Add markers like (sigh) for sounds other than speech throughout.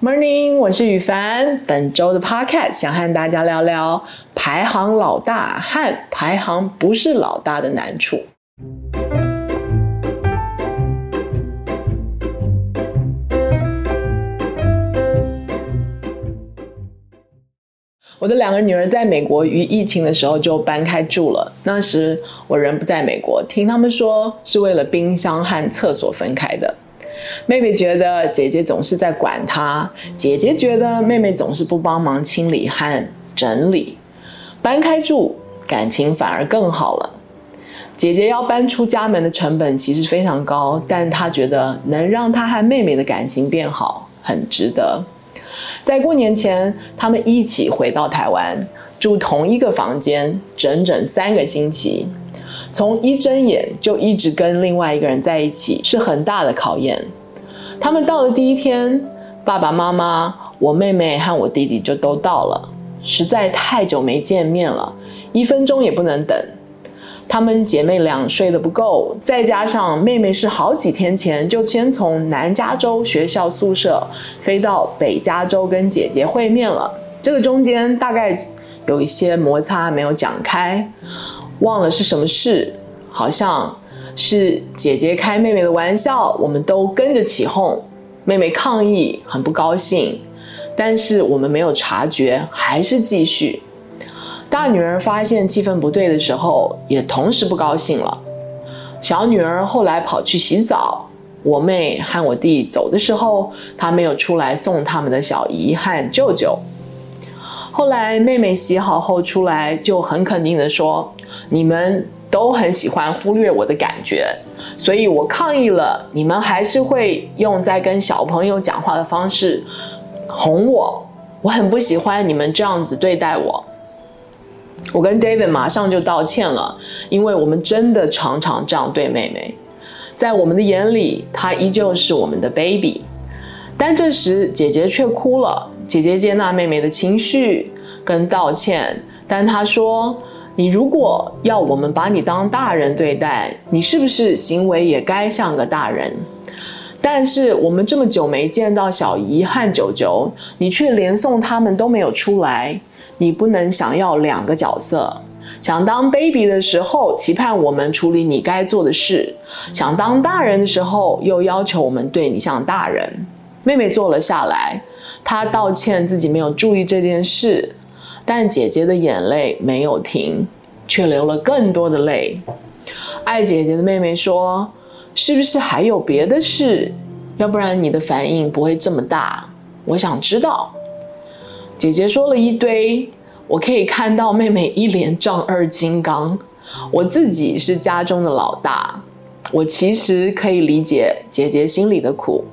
Morning，我是宇凡。本週的 podcast 想和大家聊聊排行老大和排行不是老大的難處。 (music) 我的兩個女兒在美國，於疫情的時候就搬開住了。那時我人不在美國，聽他們說是為了冰箱和廁所分開的。妹妹覺得姐姐總是在管她，姐姐覺得妹妹總是不幫忙清理和整理，搬開住，感情反而更好了。姐姐要搬出家門的成本其實非常高，但她覺得能讓她和妹妹的感情變好，很值得。在過年前，他們一起回到台灣，住同一個房間整整三個星期，從一睜眼就一直跟另外一個人在一起，是很大的考驗。他們到的第一天，爸爸媽媽、我妹妹和我弟弟就都到了。實在太久沒見面了，一分鐘也不能等。她們姐妹倆睡得不夠，再加上妹妹是好幾天前就先從南加州學校宿舍飛到北加州跟姐姐會面了，這個中間大概有一些摩擦沒有講開，忘了是什麼事，好像。是姐姐開妹妹的玩笑，我們都跟着起哄，妹妹抗議，很不高興，但是我們沒有察覺，還是繼續。大女兒發現氣氛不對的時候，也同時不高興了。小女兒後來跑去洗澡，我妹和我弟走的時候，她沒有出來送他們的小姨和舅舅。後來妹妹洗好後出來，就很肯定地說：“你們。”都很喜歡忽略我的感覺，所以我抗議了。你們還是會用在跟小朋友講話的方式哄我，我很不喜歡你們這樣子對待我。我跟 David 馬上就道歉了，因為我們真的常常這樣對妹妹，在我們的眼裡，她依舊是我們的 baby。但這時姐姐卻哭了，姐姐接納妹妹的情緒跟道歉，但她說。你如果要我們把你當大人對待，你是不是行為也該像個大人？但是我們這麼久沒見到小姨和九九，你卻連送他們都沒有出來。你不能想要兩個角色，想當 baby 的時候，期盼我們處理你該做的事，想當大人的時候，又要求我們對你像大人。妹妹坐了下來，她道歉自己沒有注意這件事。但姐姐的眼淚沒有停，卻流了更多的淚。愛姐姐的妹妹說：“是不是還有別的事？要不然你的反應不會這麼大。我想知道。”姐姐說了一堆，我可以看到妹妹一臉丈二金剛，我自己是家中的老大，我其實可以理解姐姐心裡的苦，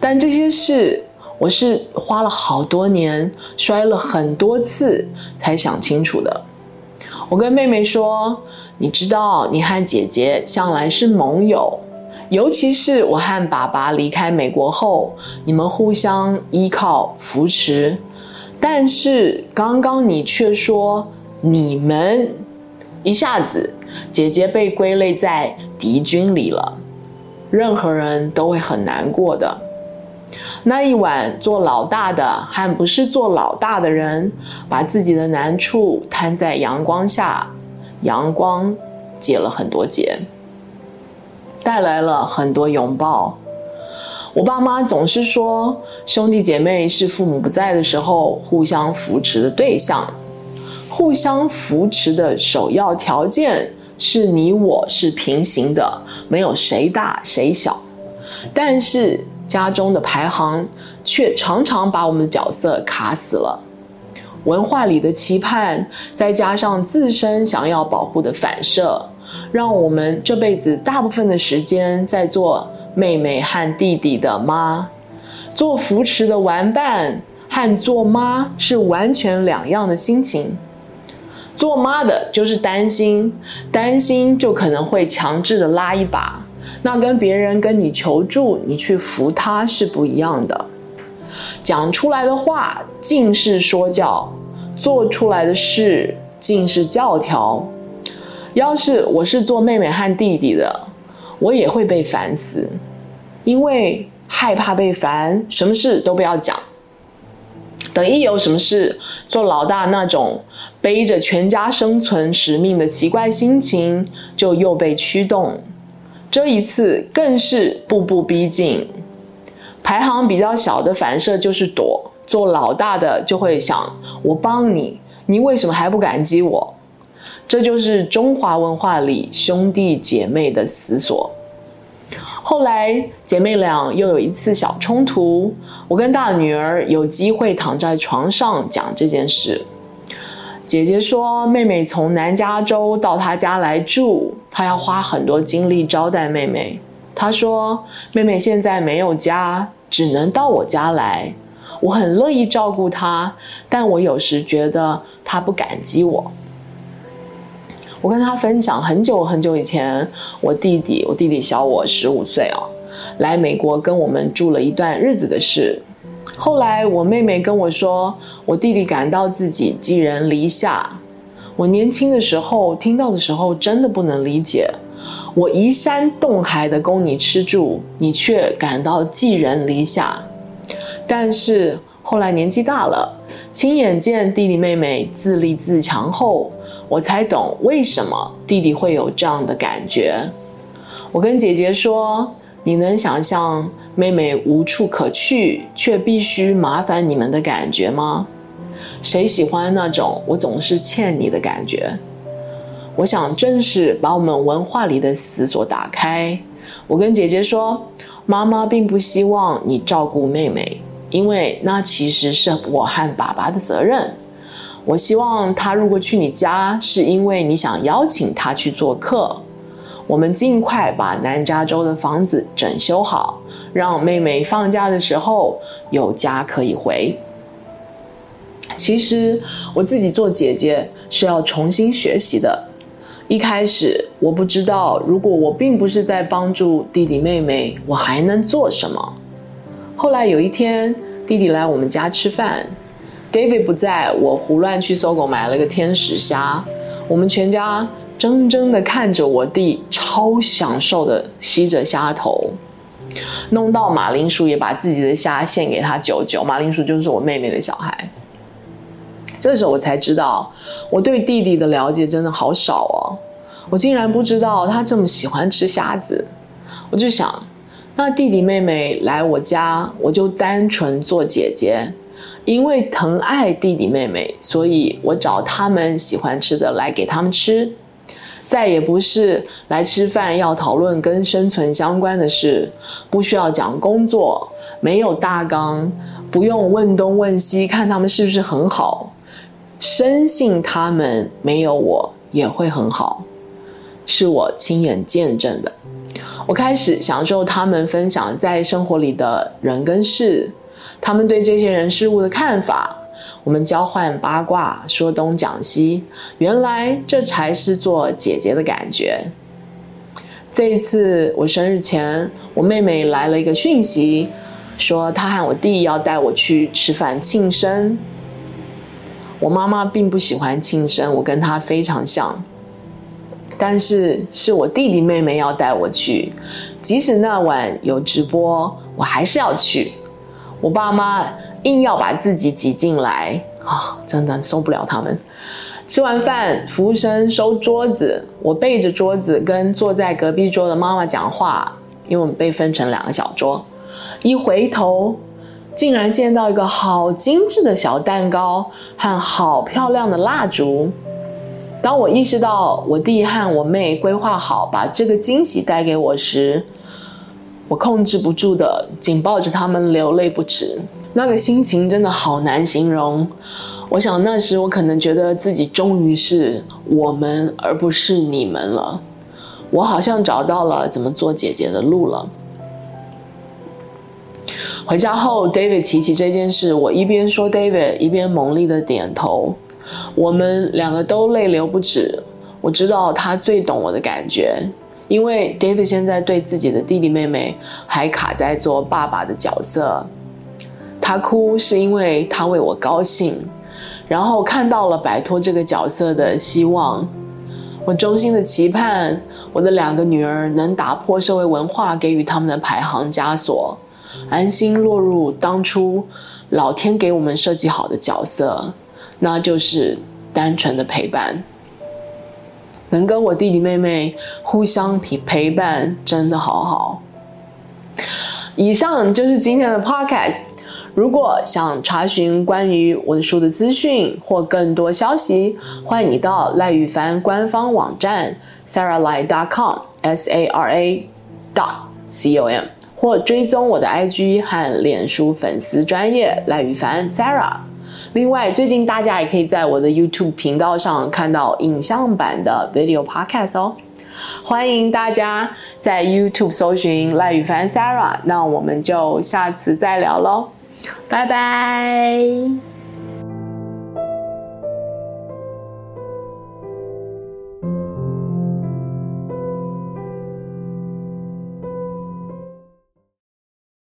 但這些事……我是花了好多年，摔了很多次才想清楚的。我跟妹妹說：“你知道，你和姐姐向來是盟友，尤其是我和爸爸離開美國後，你們互相依靠扶持。但是剛剛你卻說你們一下子，姐姐被歸類在敵軍裡了，任何人都會很難過的。”那一晚，做老大的和不是做老大的人，把自己的難處攤在陽光下，陽光解了很多結，帶來了很多擁抱。我爸媽總是說，兄弟姐妹是父母不在的時候互相扶持的對象，互相扶持的首要條件是你我是平行的，沒有誰大誰小，但是。家中的排行，卻常常把我們的角色卡死了。文化裡的期盼，再加上自身想要保護的反射，讓我們這輩子大部分的時間在做妹妹和弟弟的媽，做扶持的玩伴和做媽是完全兩樣的心情。做媽的就是擔心，擔心就可能會強制的拉一把。那跟別人跟你求助，你去扶他是不一樣的。講出來的話盡是說教，做出來的事盡是教條。要是我是做妹妹和弟弟的，我也會被煩死，因為害怕被煩，什麼事都不要講。等一有什麼事，做老大那種背着全家生存使命的奇怪心情，就又被驅動。這一次更是步步逼近，排行比較小的反射就是躲，做老大的就會想：我幫你，你為什麼還不感激我？這就是中華文化裡兄弟姐妹的死鎖。後來姐妹倆又有一次小衝突，我跟大女兒有機會躺在床上講這件事。姐姐說，妹妹從南加州到她家來住，她要花很多精力招待妹妹。她說，妹妹現在沒有家，只能到我家來，我很樂意照顧她，但我有時覺得她不感激我。我跟她分享很久很久以前，我弟弟，我弟弟小我十五歲哦、啊，來美國跟我們住了一段日子的事。後來，我妹妹跟我說，我弟弟感到自己寄人籬下。我年輕的時候聽到的時候，真的不能理解，我移山動海的供你吃住，你卻感到寄人籬下。但是後來年紀大了，親眼見弟弟妹妹自立自強後，我才懂為什麼弟弟會有這樣的感覺。我跟姐姐說。你能想象妹妹無處可去卻必須麻煩你們的感覺嗎？誰喜歡那種我總是欠你的感覺？我想正是把我們文化裡的死鎖打開。我跟姐姐說，媽媽並不希望你照顧妹妹，因為那其實是我和爸爸的責任。我希望她如果去你家，是因為你想邀請她去做客。我們盡快把南加州的房子整修好，讓妹妹放假的時候有家可以回。其實我自己做姐姐是要重新學習的。一開始我不知道，如果我並不是在幫助弟弟妹妹，我還能做什麼？後來有一天，弟弟來我們家吃飯，David 不在，我胡亂去搜狗買了個天使蝦，我們全家，怔怔地看着我弟，超享受地吸着蝦頭，弄到馬鈴薯也把自己的蝦獻給他舅舅，馬鈴薯就是我妹妹的小孩。這時候我才知道，我對弟弟的了解真的好少哦，我竟然不知道他這麼喜歡吃蝦子。我就想，那弟弟妹妹來我家，我就單純做姐姐，因為疼愛弟弟妹妹，所以我找他們喜歡吃的來給他們吃。再也不是來吃飯要討論跟生存相關的事，不需要講工作，沒有大綱，不用問東問西，看他們是不是很好，深信他們沒有我也會很好，是我親眼見證的。我開始享受他們分享在生活裡的人跟事，他們對這些人事物的看法。我們交換八卦，說東講西，原來這才是做姐姐的感覺。這一次我生日前，我妹妹來了一個訊息，說她和我弟要帶我去吃飯慶生。我媽媽並不喜歡慶生，我跟她非常像，但是是我弟弟妹妹要帶我去，即使那晚有直播，我還是要去。我爸媽。硬要把自己擠進來啊！真的受不了他們。吃完飯，服務生收桌子，我背着桌子跟坐在隔壁桌的媽媽講話，因為我們被分成兩個小桌。一回頭，竟然見到一個好精緻的小蛋糕和好漂亮的蠟燭。當我意識到我弟和我妹規劃好把這個驚喜帶給我時，我控制不住的緊抱着他們流淚不止。那個心情真的好難形容，我想那時我可能覺得自己終於是我們而不是你們了，我好像找到了怎麼做姐姐的路了。回家後，David 提起這件事，我一邊說 David，一邊猛烈的點頭，我們兩個都淚流不止。我知道他最懂我的感覺，因為 David 現在對自己的弟弟妹妹還卡在做爸爸的角色。他哭是因為他為我高興，然後看到了擺脫這個角色的希望。我衷心的期盼我的兩個女兒能打破社會文化給予他們的排行枷鎖，安心落入當初老天給我們設計好的角色，那就是單純的陪伴。能跟我弟弟妹妹互相陪陪伴，真的好好。以上就是今天的 Podcast。如果想查詢關於我的書的資訊或更多消息，歡迎你到賴宇凡官方網站 saralye.com s, com, s a r a. dot c o m 或追蹤我的 IG 和臉書粉絲專頁賴宇凡 Sarah。另外，最近大家也可以在我的 YouTube 頻道上看到影像版的 video podcast 哦。歡迎大家在 YouTube 搜尋賴宇凡 Sarah，那我們就下次再聊嘍。拜拜。